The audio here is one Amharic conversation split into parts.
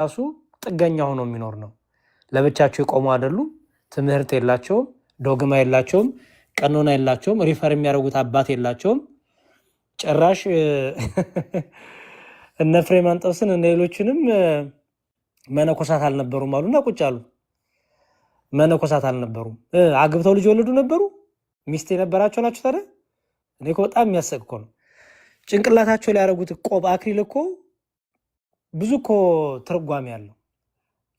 ራሱ ጥገኛ ሆኖ የሚኖር ነው። ለብቻቸው የቆሙ አይደሉም። ትምህርት የላቸውም፣ ዶግማ የላቸውም፣ ቀኖና የላቸውም፣ ሪፈር የሚያደርጉት አባት የላቸውም። ጭራሽ እነ ፍሬ ማንጠብስን እነ ሌሎችንም መነኮሳት አልነበሩም አሉና ቁጭ አሉ። መነኮሳት አልነበሩም። አግብተው ልጅ ወለዱ ነበሩ። ሚስት የነበራቸው ናቸው። ታዲያ እኔ በጣም የሚያሰቅ እኮ ነው ጭንቅላታቸው ላይ ቆብ አክሊል እኮ ብዙ እኮ ትርጓሜ ያለው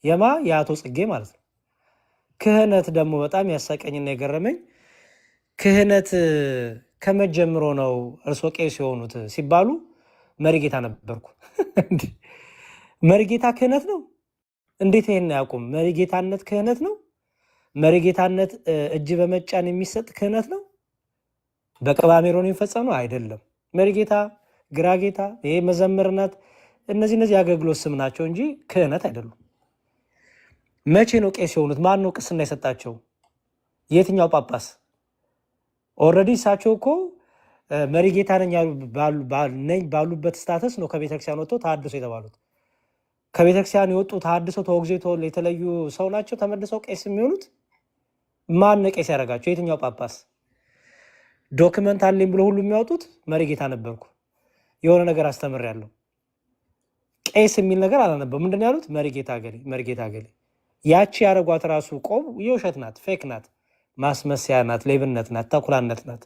የማ የአቶ ጽጌ ማለት ነው። ክህነት ደግሞ በጣም ያሳቀኝና የገረመኝ ክህነት ከመጀምሮ ነው እርሶ ቄስ የሆኑት ሲባሉ መሪጌታ ነበርኩ። መሪጌታ ክህነት ነው? እንዴት ይህን አያውቁም? መሪጌታነት ክህነት ነው? መሪጌታነት እጅ በመጫን የሚሰጥ ክህነት ነው? በቅባሜሮን የሚፈጸም ነው አይደለም። መሪጌታ ግራጌታ ይሄ መዘምርናት እነዚህ እነዚህ የአገልግሎት ስም ናቸው እንጂ ክህነት አይደሉም። መቼ ነው ቄስ የሆኑት? ማን ነው ቅስና የሰጣቸው? የትኛው ጳጳስ? ኦልሬዲ እሳቸው እኮ መሪ ጌታ ነኝ ባሉበት ስታተስ ነው ከቤተክርስቲያን ወጥቶ ተሐድሶ የተባሉት። ከቤተክርስቲያን የወጡ ተሐድሶ ተወግዞ የተለዩ ሰው ናቸው ተመልሰው ቄስ የሚሆኑት። ማን ቄስ ያደረጋቸው? የትኛው ጳጳስ? ዶክመንት አለኝ ብሎ ሁሉ የሚያወጡት መሪ ጌታ ነበርኩ የሆነ ነገር አስተምር ያለው ቄስ የሚል ነገር አላነበብም። ምንድን ያሉት? መሪጌታ ገሌ ያቺ ያረጓት ራሱ ቆብ የውሸት ናት፣ ፌክ ናት፣ ማስመሰያ ናት፣ ሌብነት ናት፣ ተኩላነት ናት።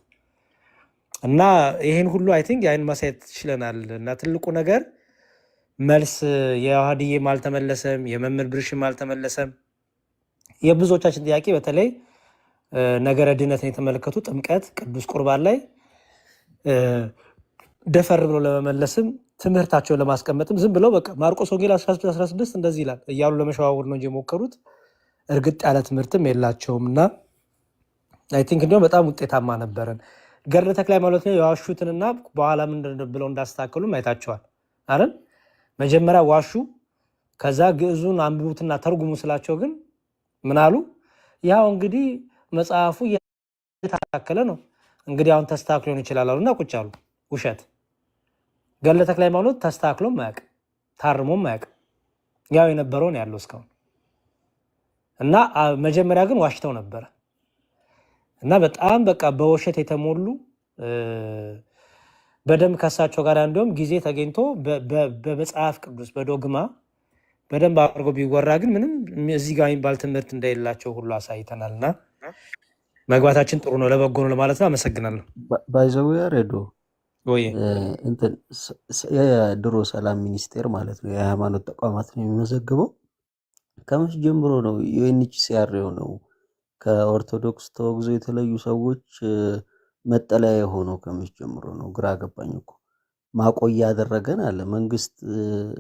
እና ይህን ሁሉ አይ ቲንክ የአይን ማሳየት ችለናል። እና ትልቁ ነገር መልስ የዋህድዬም አልተመለሰም፣ የመምህር ብርሽም አልተመለሰም። የብዙዎቻችን ጥያቄ በተለይ ነገረ ድነትን የተመለከቱ ጥምቀት፣ ቅዱስ ቁርባን ላይ ደፈር ብሎ ለመመለስም ትምህርታቸውን ለማስቀመጥም ዝም ብለው በቃ ማርቆስ ወንጌል 16 እንደዚህ ይላል እያሉ ለመሸዋወር ነው እንጂ የሞከሩት እርግጥ ያለ ትምህርትም የላቸውም። እና አይ ቲንክ እንዲሁም በጣም ውጤታማ ነበረን። ገድለ ማለት ነው የዋሹትንና በኋላ ምንድን ብለው እንዳስተካከሉ አይታቸዋል አይደል? መጀመሪያ ዋሹ፣ ከዛ ግዕዙን አንብቡትና ተርጉሙ ስላቸው ግን ምን አሉ? ያው እንግዲህ መጽሐፉ እየተስተካከለ ነው እንግዲህ አሁን ተስተካክሎ ሊሆን ይችላል አሉና ቁጭ አሉ። ውሸት ገድለ ተክለ ሃይማኖት ተስተካክሎም ማያቅ ታርሞም ማያቅ ያው የነበረውን ያለው እስካሁን እና መጀመሪያ ግን ዋሽተው ነበረ እና በጣም በቃ በውሸት የተሞሉ በደንብ ከሳቸው ጋር እንዲሁም ጊዜ ተገኝቶ በመጽሐፍ ቅዱስ በዶግማ በደንብ አድርጎ ቢወራ ግን ምንም እዚህ ጋር የሚባል ትምህርት እንደሌላቸው ሁሉ አሳይተናል እና መግባታችን ጥሩ ነው፣ ለበጎ ነው ለማለት ነው። አመሰግናለሁ ባይዘዊ ያሬዶ የድሮ ሰላም ሚኒስቴር ማለት ነው የሃይማኖት ተቋማት ነው የሚመዘግበው። ከመች ጀምሮ ነው ዩኤንኤችሲአር የሆነው? ከኦርቶዶክስ ተወግዞ የተለዩ ሰዎች መጠለያ የሆነው ከመች ጀምሮ ነው? ግራ ገባኝ እኮ። ማቆያ ያደረገን አለ መንግስት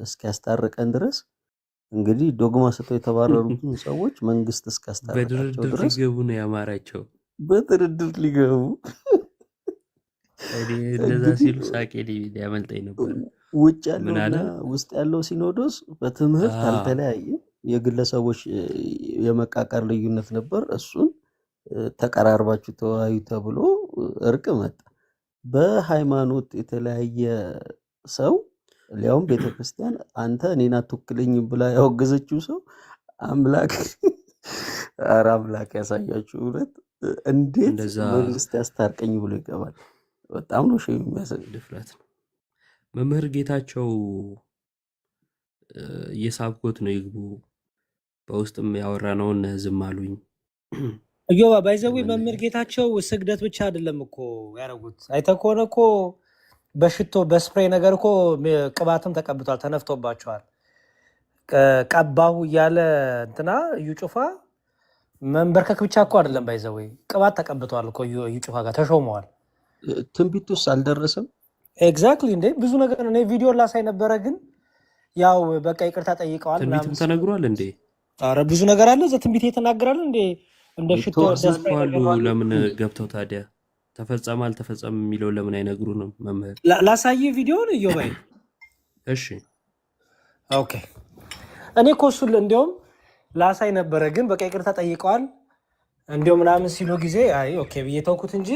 እስኪያስታርቀን ድረስ እንግዲህ ዶግማ ሰጥተው የተባረሩትን ሰዎች መንግስት እስኪያስታርቃቸው ድረስ በድርድር ሊገቡ ነው ያማራቸው፣ በድርድር ሊገቡ እንደዛ ሲሉ ሳቄ ሊያመልጠኝ ነበር። ውጭ ያለውና ውስጥ ያለው ሲኖዶስ በትምህርት አልተለያየም። የግለሰቦች የመቃቀር ልዩነት ነበር። እሱን ተቀራርባችሁ ተወያዩ ተብሎ እርቅ መጣ። በሃይማኖት የተለያየ ሰው ሊያውም ቤተክርስቲያን አንተ እኔን አትወክለኝ ብላ ያወገዘችው ሰው አምላክ ኧረ አምላክ ያሳያችሁ እውነት እንዴት መንግስት ያስታርቀኝ ብሎ ይገባል። በጣም ነው ሸም የሚያሰኝ ድፍረት ነው። መምህር ጌታቸው እየሳብኮት ነው ይግቡ። በውስጥም ያወራ ያወራነውን ዝም አሉኝ። እዮባ ባይዘዊ መምህር ጌታቸው ስግደት ብቻ አይደለም እኮ ያደረጉት። አይተ ከሆነ እኮ በሽቶ በስፕሬይ ነገር እኮ ቅባትም ተቀብቷል፣ ተነፍቶባቸዋል። ቀባሁ እያለ እንትና እዩ ጩፋ መንበርከክ ብቻ እኮ አይደለም ባይዘዊ ቅባት ተቀብቷል እኮ እዩ ጩፋ ጋር ተሾመዋል። ትንቢት ውስጥ አልደረሰም? ኤግዛክትሊ እንደ ብዙ ነገር እኔ ቪዲዮ ላሳይ ነበረ፣ ግን ያው በቃ ይቅርታ ጠይቀዋል። ትንቢትም ተነግሯል እንዴ? አረ ብዙ ነገር አለ እዛ ትንቢት የተናገራል እንዴ። እንደ ሽቶ ለምን ገብተው ታዲያ ተፈጸመ አልተፈጸመም የሚለው ለምን አይነግሩ ነው? መምህር ላሳየ ቪዲዮን እዮባይ እሺ ኦኬ እኔ እኮ እሱን እንዲያውም ላሳይ ነበረ ግን በቃ ይቅርታ ጠይቀዋል እንዲያው ምናምን ሲሉ ጊዜ አይ ኦኬ ብዬ ተውኩት እንጂ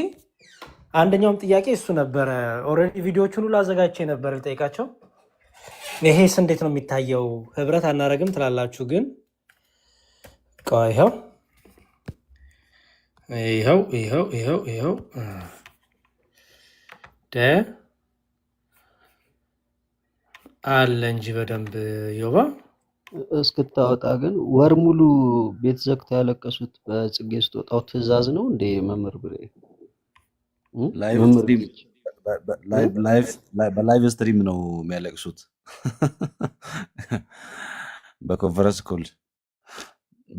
አንደኛውም ጥያቄ እሱ ነበረ። ኦልሬዲ ቪዲዮዎቹን ሁሉ አዘጋጅቼ ነበር ልጠይቃቸው። ይሄስ እንዴት ነው የሚታየው? ህብረት አናረግም ትላላችሁ፣ ግን ይኸው ይኸው ይኸው ይኸው ይኸው ደ አለ እንጂ በደንብ ዮባ እስክታወጣ ግን ወር ሙሉ ቤት ዘግተው ያለቀሱት በጽጌ ስትወጣው ትዕዛዝ ነው እንዴ መምህር ብሬ በላይቭ ስትሪም ነው የሚያለቅሱት። በኮንፈረንስ ኮል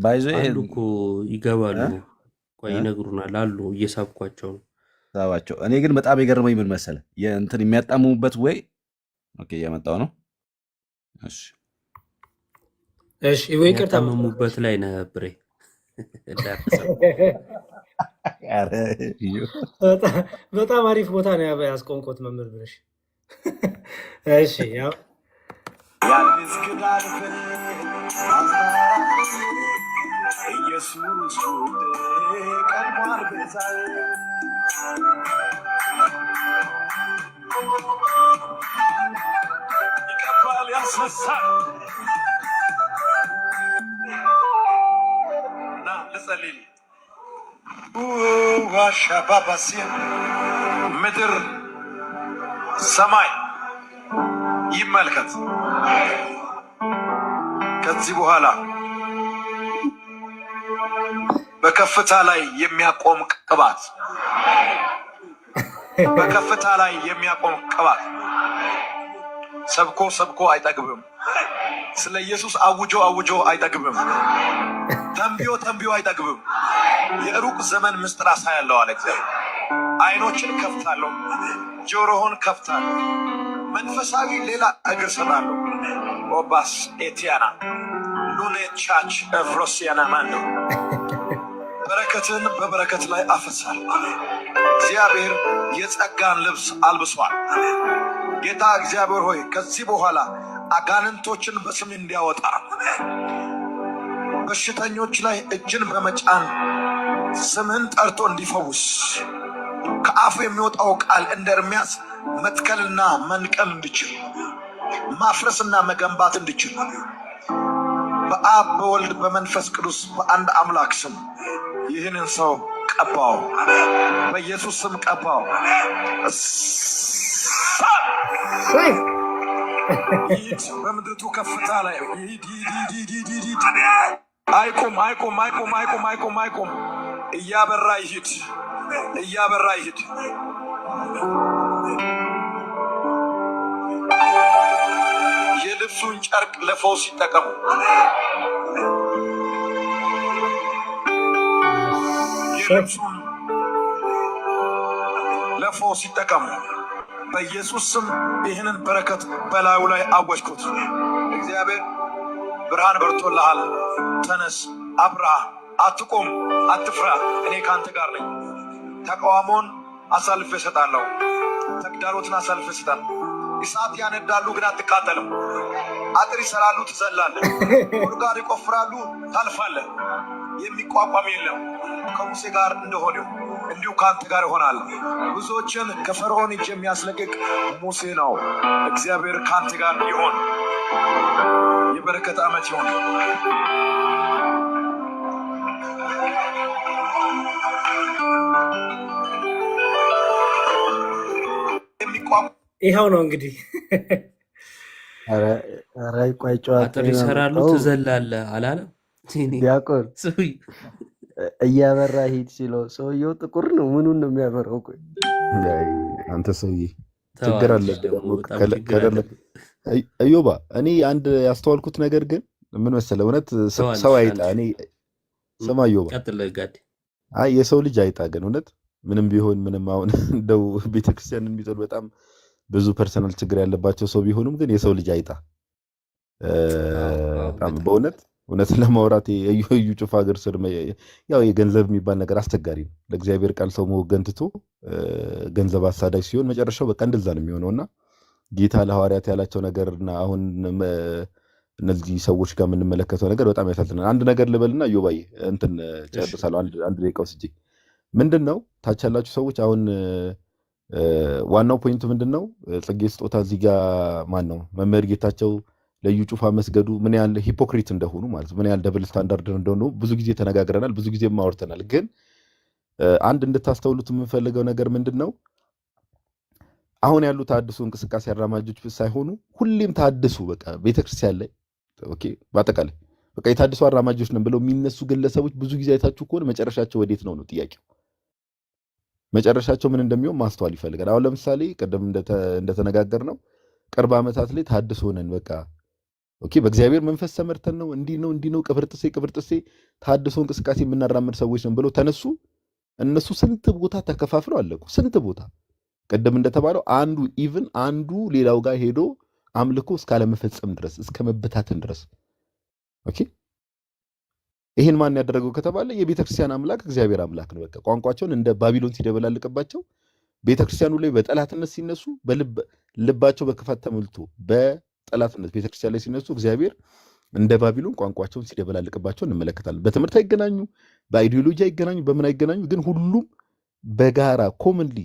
ባይዞ እኮ ይገባሉ። ቆይ ይነግሩናል አሉ። እየሳብኳቸው ነው ሳባቸው። እኔ ግን በጣም የገረመኝ ምን መሰለ እንትን የሚያጣምሙበት ወይ እያመጣው ነው። እሺ፣ የሚያጣምሙበት ላይ ነህ ብሬ በጣም አሪፍ ቦታ ነው ያስቆንቆት መምህር ብለሽ። እሺ ያው ምድር ሰማይ ይመልከት። ከዚህ በኋላ በከፍታ ላይ የሚያቆም ቅባት በከፍታ ላይ የሚያቆም ቅባት ሰብኮ ሰብኮ አይጠግብም። ስለ ኢየሱስ አውጆ አውጆ አይጠግብም። ተንብዮ ተንብዮ አይጠግብም። የሩቅ ዘመን ምስጢር አሳያለሁ አለ እግዚአብሔር። አይኖችን ከፍታለሁ፣ ጆሮሆን ከፍታለሁ፣ መንፈሳዊ ሌላ እግር ስራለሁ። ኦባስ ኤቲያና ሉኔ ቻች ኤቭሮሲያና ማን ነው? በረከትን በበረከት ላይ አፈሳል። እግዚአብሔር የጸጋን ልብስ አልብሷል። ጌታ እግዚአብሔር ሆይ ከዚህ በኋላ አጋንንቶችን በስም እንዲያወጣ በሽተኞች ላይ እጅን በመጫን ስምህን ጠርቶ እንዲፈውስ ከአፉ የሚወጣው ቃል እንደ ኤርምያስ መትከልና መንቀል እንድችል ማፍረስና መገንባት እንድችል በአብ በወልድ በመንፈስ ቅዱስ በአንድ አምላክ ስም ይህንን ሰው ቀባው፣ በኢየሱስ ስም ቀባው። በምድርቱ ከፍታ ላይ ይሂድ፣ ይሂድ፣ አይቁም እያበራ ይሂድ፣ እያበራ ይሂድ። የልብሱን ጨርቅ ለፈውስ ይጠቀሙ። የልብሱን ለፈውስ ይጠቀሙ። በኢየሱስ ስም ይህንን በረከት በላዩ ላይ አወጅኩት። እግዚአብሔር ብርሃን በርቶልሃል፣ ተነስ አብርሃ አትቆም፣ አትፍራ፣ እኔ ከአንተ ጋር ነኝ። ተቃውሞን አሳልፌ እሰጣለሁ። ተግዳሮትን አሳልፌ እሰጣለሁ። እሳት ያነዳሉ፣ ግን አትቃጠልም። አጥር ይሰራሉ፣ ትዘላለህ። ጉድጓድ ይቆፍራሉ፣ ታልፋለህ። የሚቋቋም የለም። ከሙሴ ጋር እንደሆነው እንዲሁ ከአንተ ጋር ይሆናል። ብዙዎችን ከፈርዖን እጅ የሚያስለቅቅ ሙሴ ነው። እግዚአብሔር ከአንተ ጋር ይሆን። የበረከት ዓመት ይሆን። ይኸው ነው እንግዲህ ራይ ቆይ ጨዋታ ይሰራሉ። ትዘላለህ አላለም ዲያቆን እያበራ ሂድ ሲለው ሰውየው ጥቁር ነው። ምኑን ነው የሚያበራው? ቆይ አንተ ሰውዬ ችግር አለብህ። እዮባ እኔ አንድ ያስተዋልኩት ነገር ግን ምን መሰለህ፣ እውነት ሰው አይጣ እኔ ስማ እዮባ፣ የሰው ልጅ አይጣ ግን እውነት ምንም ቢሆን ምንም አሁን እንደው ቤተክርስቲያን የሚጠሉ በጣም ብዙ ፐርሰናል ችግር ያለባቸው ሰው ቢሆኑም ግን የሰው ልጅ አይጣ በጣም በእውነት እውነትን ለማውራት የዩ ዩ ጩፋ እግር ስር ያው የገንዘብ የሚባል ነገር አስቸጋሪ ነው። ለእግዚአብሔር ቃል ሰው መወገን ትቶ ገንዘብ አሳዳጅ ሲሆን መጨረሻው በቃ እንደዛ ነው እና ጌታ ለሐዋርያት ያላቸው ነገርና አሁን እነዚህ ሰዎች ጋር የምንመለከተው ነገር በጣም ያሳዝናል። አንድ ነገር ልበልና ዮባይ እንትን ጨርሳለሁ። አንድ ደቂቃ ውስጄ ምንድን ነው ታች ያላችሁ ሰዎች አሁን ዋናው ፖይንት ምንድን ነው? ጽጌ ስጦታ እዚህ ጋ ማን ነው መምህር ጌታቸው ለዩ ጩፋ መስገዱ ምን ያህል ሂፖክሪት እንደሆኑ ማለት ምን ያህል ደብል ስታንዳርድ እንደሆኑ ብዙ ጊዜ ተነጋግረናል፣ ብዙ ጊዜ አውርተናል። ግን አንድ እንድታስተውሉት የምንፈልገው ነገር ምንድን ነው? አሁን ያሉ ታድሱ እንቅስቃሴ አራማጆች ሳይሆኑ ሁሌም ታድሱ በቃ ቤተክርስቲያን ላይ በአጠቃላይ በቃ የታድሱ አራማጆች ነን ብለው የሚነሱ ግለሰቦች ብዙ ጊዜ አይታችሁ ከሆነ መጨረሻቸው ወዴት ነው ነው ጥያቄው። መጨረሻቸው ምን እንደሚሆን ማስተዋል ይፈልጋል። አሁን ለምሳሌ ቅድም እንደተነጋገር ነው ቅርብ ዓመታት ላይ ታድሶ ነን። በቃ ኦኬ፣ በእግዚአብሔር መንፈስ ተመርተን ነው እንዲህ ነው እንዲህ ነው ቅብርጥሴ ቅብርጥሴ ታድሶ እንቅስቃሴ የምናራምድ ሰዎች ነው ብለው ተነሱ። እነሱ ስንት ቦታ ተከፋፍለው አለቁ። ስንት ቦታ ቅድም እንደተባለው አንዱ ኢቭን አንዱ ሌላው ጋር ሄዶ አምልኮ እስካለመፈጸም ድረስ እስከ መበታትን ድረስ ኦኬ ይህን ማን ያደረገው ከተባለ የቤተ ክርስቲያን አምላክ እግዚአብሔር አምላክ ነው። በቃ ቋንቋቸውን እንደ ባቢሎን ሲደበላልቅባቸው ቤተ ክርስቲያኑ ላይ በጠላትነት ሲነሱ፣ ልባቸው በክፋት ተሞልቶ በጠላትነት ቤተ ክርስቲያን ላይ ሲነሱ እግዚአብሔር እንደ ባቢሎን ቋንቋቸውን ሲደበላልቅባቸው እንመለከታለን። በትምህርት አይገናኙ፣ በአይዲዮሎጂ አይገናኙ፣ በምን አይገናኙ፣ ግን ሁሉም በጋራ ኮምንሊ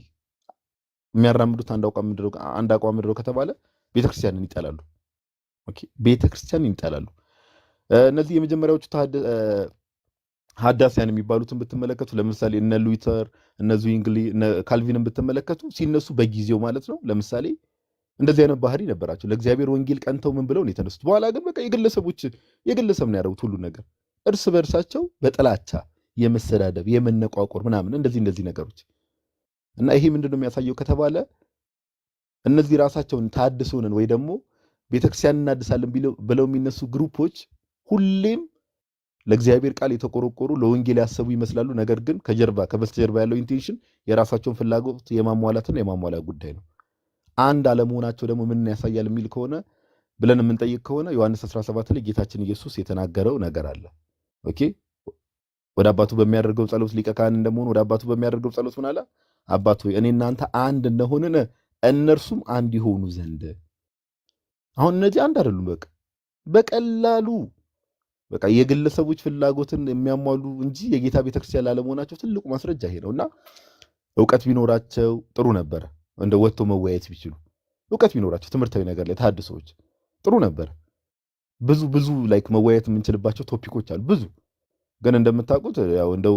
የሚያራምዱት አንድ አቋም ምድረው ከተባለ ቤተክርስቲያንን ይጠላሉ። ቤተክርስቲያንን ይጠላሉ። እነዚህ የመጀመሪያዎቹ ሀዳስያን የሚባሉትን ብትመለከቱ ለምሳሌ እነ ሉዊተር እነ ዙንግሊ ካልቪንን ብትመለከቱ ሲነሱ በጊዜው ማለት ነው ለምሳሌ እንደዚህ አይነት ባህሪ ነበራቸው። ለእግዚአብሔር ወንጌል ቀንተው ምን ብለው ነው የተነሱት። በኋላ ግን በቃ የግለሰቦች የግለሰብ ነው ያደረጉት ሁሉ ነገር እርስ በእርሳቸው በጥላቻ የመሰዳደብ የመነቋቆር ምናምን እንደዚህ እንደዚህ ነገሮች እና ይሄ ምንድን ነው የሚያሳየው ከተባለ እነዚህ ራሳቸውን ታድሶንን ወይ ደግሞ ቤተክርስቲያን እናድሳለን ብለው የሚነሱ ግሩፖች ሁሌም ለእግዚአብሔር ቃል የተቆረቆሩ ለወንጌል ያሰቡ ይመስላሉ። ነገር ግን ከጀርባ ከበስተጀርባ ያለው ኢንቴንሽን የራሳቸውን ፍላጎት የማሟላትና የማሟላት ጉዳይ ነው። አንድ አለመሆናቸው ደግሞ ምን ያሳያል የሚል ከሆነ ብለን የምንጠይቅ ከሆነ ዮሐንስ 17 ላይ ጌታችን ኢየሱስ የተናገረው ነገር አለ። ኦኬ ወደ አባቱ በሚያደርገው ጸሎት ሊቀ ካህን እንደመሆኑ ወደ አባቱ በሚያደርገው ጸሎት ምን አለ? አባት ሆይ እኔ እናንተ አንድ እንደሆንን እነርሱም አንድ ይሆኑ ዘንድ። አሁን እነዚህ አንድ አይደሉም። በቃ በቀላሉ በቃ የግለሰቦች ፍላጎትን የሚያሟሉ እንጂ የጌታ ቤተክርስቲያን ላለመሆናቸው ትልቁ ማስረጃ ይሄ ነው እና እውቀት ቢኖራቸው ጥሩ ነበረ። እንደ ወጥቶ መወያየት ቢችሉ እውቀት ቢኖራቸው ትምህርታዊ ነገር ላይ ተሐድሶዎች ጥሩ ነበር ብዙ ብዙ ላይክ መወያየት የምንችልባቸው ቶፒኮች አሉ ብዙ ግን እንደምታውቁት ያው እንደው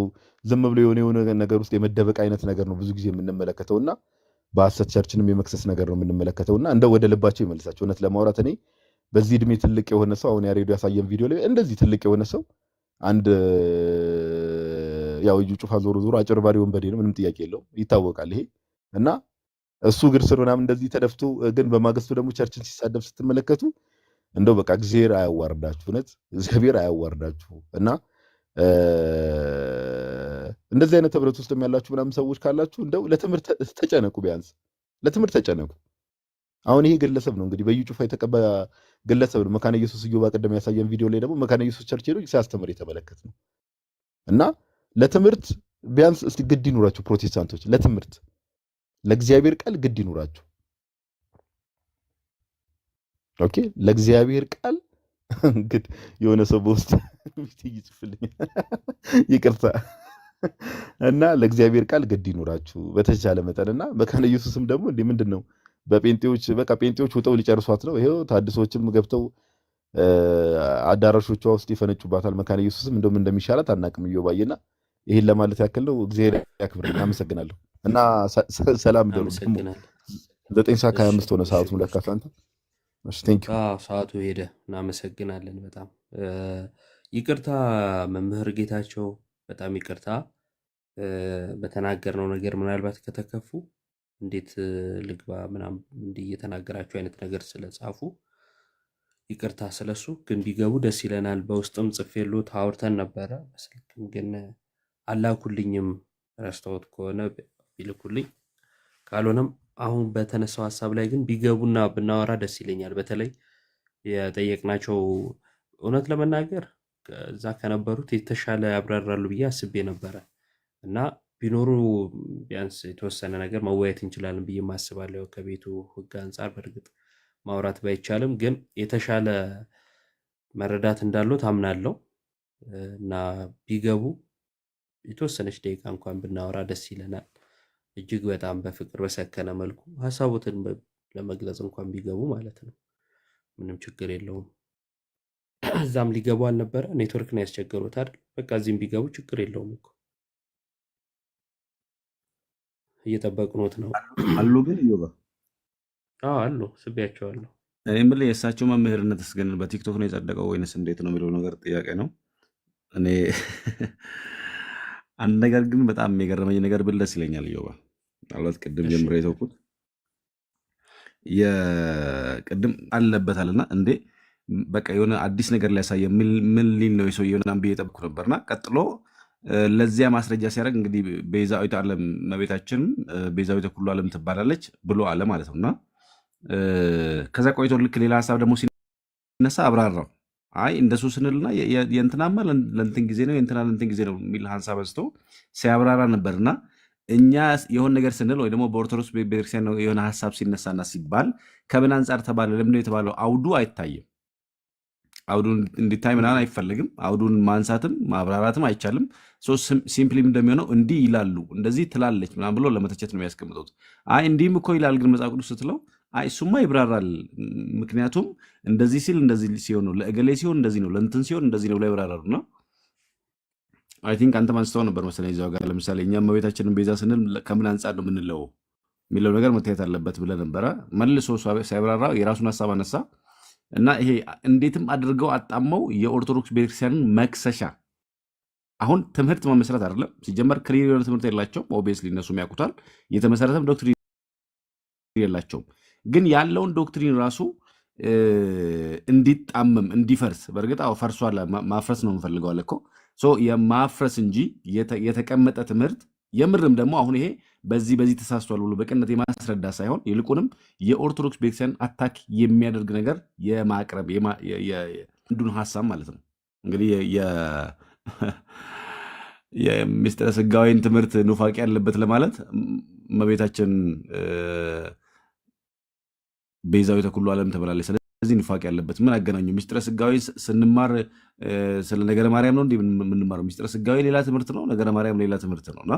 ዝም ብሎ የሆነ የሆነ ነገር ውስጥ የመደበቅ አይነት ነገር ነው ብዙ ጊዜ የምንመለከተውና በሐሰት ቸርችንም የመክሰስ ነገር ነው የምንመለከተውና እንደ ወደ ልባቸው ይመልሳቸው እውነት ለማውራት እኔ በዚህ እድሜ ትልቅ የሆነ ሰው አሁን ያሬዶ ያሳየን ቪዲዮ ላይ እንደዚህ ትልቅ የሆነ ሰው አንድ ያው እዩ ጩፋ ዞሮ ዞሮ አጭበርባሪ ወንበዴ ነው፣ ምንም ጥያቄ የለውም፣ ይታወቃል ይሄ እና እሱ እግር ስር ምናምን እንደዚህ ተደፍቶ ግን በማግስቱ ደግሞ ቸርችን ሲሳደብ ስትመለከቱ እንደው በቃ እግዚአብሔር አያዋርዳችሁ፣ እውነት እግዚአብሔር አያዋርዳችሁ። እና እንደዚህ አይነት ህብረት ውስጥ ያላችሁ ምናምን ሰዎች ካላችሁ እንደው ለትምህርት ተጨነቁ፣ ቢያንስ ለትምህርት ተጨነቁ። አሁን ይሄ ግለሰብ ነው እንግዲህ በዩ ጩፋ የተቀባ ግለሰብ ነው። መካነ ኢየሱስ እዩ ባቀደም ያሳየን ቪዲዮ ላይ ደግሞ መካነ ኢየሱስ ቸርች ሄዶ ሲያስተምር የተመለከት ነው። እና ለትምህርት ቢያንስ እስቲ ግድ ይኑራችሁ ፕሮቴስታንቶች፣ ለትምህርት ለእግዚአብሔር ቃል ግድ ይኑራችሁ። ኦኬ፣ ለእግዚአብሔር ቃል ግድ የሆነ ሰው በውስጥ ይጽፍልኛል፣ ይቅርታ እና ለእግዚአብሔር ቃል ግድ ይኑራችሁ በተቻለ መጠንና መካነ ኢየሱስም ደግሞ እንዲህ ምንድን ነው በጴንጤዎች በቃ ጴንጤዎች ውጠው ሊጨርሷት ነው። ይሄው ታድሶችም ገብተው አዳራሾቿ ውስጥ ይፈነጩባታል። መካነ ኢየሱስም እንደውም እንደሚሻላት አናቅም እየባየና ይህን ለማለት ያክል ነው። እግዚአብሔር ያክብር። አመሰግናለሁ እና ሰላም ደሩ። ዘጠኝ ሰዓት ከሀያ አምስት ሆነ ሰዓቱ። ለካሳንተ ሰዓቱ ሄደ። እናመሰግናለን በጣም ይቅርታ መምህር ጌታቸው፣ በጣም ይቅርታ በተናገርነው ነገር ምናልባት ከተከፉ እንዴት ልግባ ምናምን እንዲህ እየተናገራችሁ አይነት ነገር ስለጻፉ ይቅርታ ስለሱ። ግን ቢገቡ ደስ ይለናል። በውስጥም ጽፌሎት አውርተን ነበረ በስልክም ግን አላኩልኝም። ረስተውት ከሆነ ይልኩልኝ፣ ካልሆነም አሁን በተነሳው ሀሳብ ላይ ግን ቢገቡና ብናወራ ደስ ይለኛል። በተለይ የጠየቅናቸው እውነት ለመናገር እዛ ከነበሩት የተሻለ ያብራራሉ ብዬ አስቤ ነበረ እና ቢኖሩ ቢያንስ የተወሰነ ነገር መወያየት እንችላለን ብዬ ማስባለሁ። ከቤቱ ህግ አንጻር በእርግጥ ማውራት ባይቻልም ግን የተሻለ መረዳት እንዳለው ታምናለው እና ቢገቡ የተወሰነች ደቂቃ እንኳን ብናወራ ደስ ይለናል። እጅግ በጣም በፍቅር በሰከነ መልኩ ሀሳቦትን ለመግለጽ እንኳን ቢገቡ ማለት ነው። ምንም ችግር የለውም። እዛም ሊገቡ አልነበረ ኔትወርክ ነው ያስቸገሩት አይደል? በቃ እዚህም ቢገቡ ችግር የለውም እኮ እየጠበቅኖት ነው አሉ። ግን እዮባ አሉ ስቤያቸዋለሁ። እኔ ብል የእሳቸው መምህርነት እስገን በቲክቶክ ነው የጸደቀው ወይንስ እንዴት ነው የሚለው ነገር ጥያቄ ነው። እኔ አንድ ነገር ግን በጣም የገረመኝ ነገር ብለስ ይለኛል። እዮባ ምናልባት ቅድም ጀምሮ የተውኩት የቅድም አለበታልና እንዴ በቃ የሆነ አዲስ ነገር ሊያሳየ ምን ሊል ነው የሰውየውን ብዬ ጠብኩ ነበርና ቀጥሎ ለዚያ ማስረጃ ሲያደርግ እንግዲህ ቤዛዊት ዓለም እመቤታችን ቤዛዊት ኩሉ ዓለም ትባላለች ብሎ አለ ማለት ነው። እና ከዛ ቆይቶ ልክ ሌላ ሀሳብ ደግሞ ሲነሳ አብራራው። አይ እንደሱ ስንልና የእንትናማ ለእንትን ጊዜ ነው የእንትና ለእንትን ጊዜ ነው የሚል ሀሳብ አንስቶ ሲያብራራ ነበር። እና እኛ የሆነ ነገር ስንል ወይ ደግሞ በኦርቶዶክስ ቤተክርስቲያን የሆነ ሀሳብ ሲነሳና ሲባል ከምን አንጻር ተባለ ለምንድን ነው የተባለው አውዱ አይታይም። አውዱን እንዲታይ ምናምን አይፈለግም። አውዱን ማንሳትም ማብራራትም አይቻልም። ሲምፕሊም እንደሚሆነው እንዲህ ይላሉ እንደዚህ ትላለች ምናምን ብሎ ለመተቸት ነው የሚያስቀምጡት። አይ እንዲህም እኮ ይላል ግን መጽሐፍ ቅዱስ ስትለው አይ እሱማ ይብራራል፣ ምክንያቱም እንደዚህ ሲል እንደዚህ ሲሆን ነው፣ ለእገሌ ሲሆን እንደዚህ ነው፣ ለእንትን ሲሆን እንደዚህ ነው ብላ ይብራራሉ። ነው አይ ቲንክ አንተም አንስተው ነበር መሰለኝ እዚያው ጋር ለምሳሌ እኛም መቤታችንን ቤዛ ስንል ከምን አንጻር ነው የምንለው የሚለው ነገር መታየት አለበት ብለህ ነበረ። መልሶ ሳይብራራ የራሱን ሀሳብ አነሳ። እና ይሄ እንዴትም አድርገው አጣመው የኦርቶዶክስ ቤተክርስቲያንን መክሰሻ አሁን ትምህርት መመስረት አይደለም ሲጀመር ክሊር የሆነ ትምህርት የላቸውም። ኦቤስ ሊነሱ ያውቁታል። የተመሰረተም ዶክትሪን የላቸውም። ግን ያለውን ዶክትሪን ራሱ እንዲጣመም እንዲፈርስ፣ በእርግጥ ፈርሷል። ማፍረስ ነው የምፈልገው እኮ የማፍረስ እንጂ የተቀመጠ ትምህርት የምርም ደግሞ አሁን ይሄ በዚህ በዚህ ተሳስቷል ብሎ በቅነት የማስረዳ ሳይሆን ይልቁንም የኦርቶዶክስ ቤተክርስቲያን አታክ የሚያደርግ ነገር የማቅረብ አንዱን ሀሳብ ማለት ነው። እንግዲህ የምስጢረ ስጋዌን ትምህርት ኑፋቄ ያለበት ለማለት እመቤታችን ቤዛዊተ ኩሉ ዓለም ተብላለች። ስለዚህ ኑፋቄ ያለበት ምን አገናኙ? ምስጢረ ስጋዌ ስንማር ስለ ነገረ ማርያም ነው እንዲህ የምንማረው። ምስጢረ ስጋዌ ሌላ ትምህርት ነው፣ ነገረ ማርያም ሌላ ትምህርት ነው እና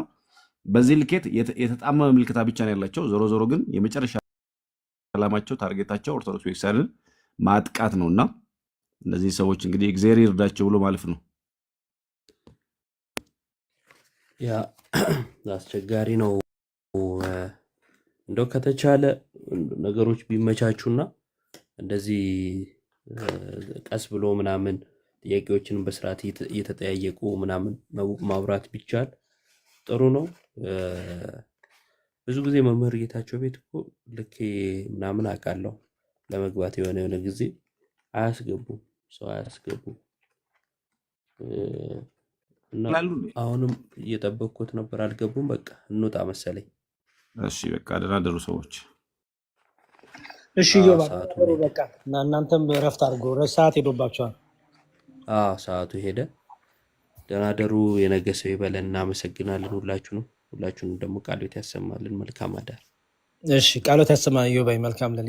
በዚህ ልኬት የተጣመመ ምልክታ ብቻ ነው ያላቸው። ዞሮ ዞሮ ግን የመጨረሻ ዓላማቸው ታርጌታቸው ኦርቶዶክስ ቤተክርስቲያንን ማጥቃት ነው እና እነዚህ ሰዎች እንግዲህ እግዚአብሔር ይርዳቸው ብሎ ማለፍ ነው። ያ አስቸጋሪ ነው። እንደው ከተቻለ ነገሮች ቢመቻቹና እንደዚህ ቀስ ብሎ ምናምን ጥያቄዎችን በስርዓት እየተጠያየቁ ምናምን ማውራት ቢቻል ጥሩ ነው። ብዙ ጊዜ መምህር ጌታቸው ቤት እኮ ልኬ ምናምን አውቃለሁ ለመግባት የሆነ የሆነ ጊዜ አያስገቡም ሰው አያስገቡም። እና አሁንም እየጠበቅኩት ነበር፣ አልገቡም። በቃ እንውጣ መሰለኝ። እሺ በቃ ደህና ሰዎች። እሺ በቃ እናንተም እረፍት አድርጎ ሰዓት ሄዶባቸዋል። ሰዓቱ ሄደ። ደናደሩ ደሩ። የነገ ሰው ይበለን። እናመሰግናለን ሁላችሁ ነው። ሁላችሁንም ደግሞ ቃሎት ያሰማልን። መልካም አዳር። እሺ ቃሎት ያሰማ ዮባይ መልካም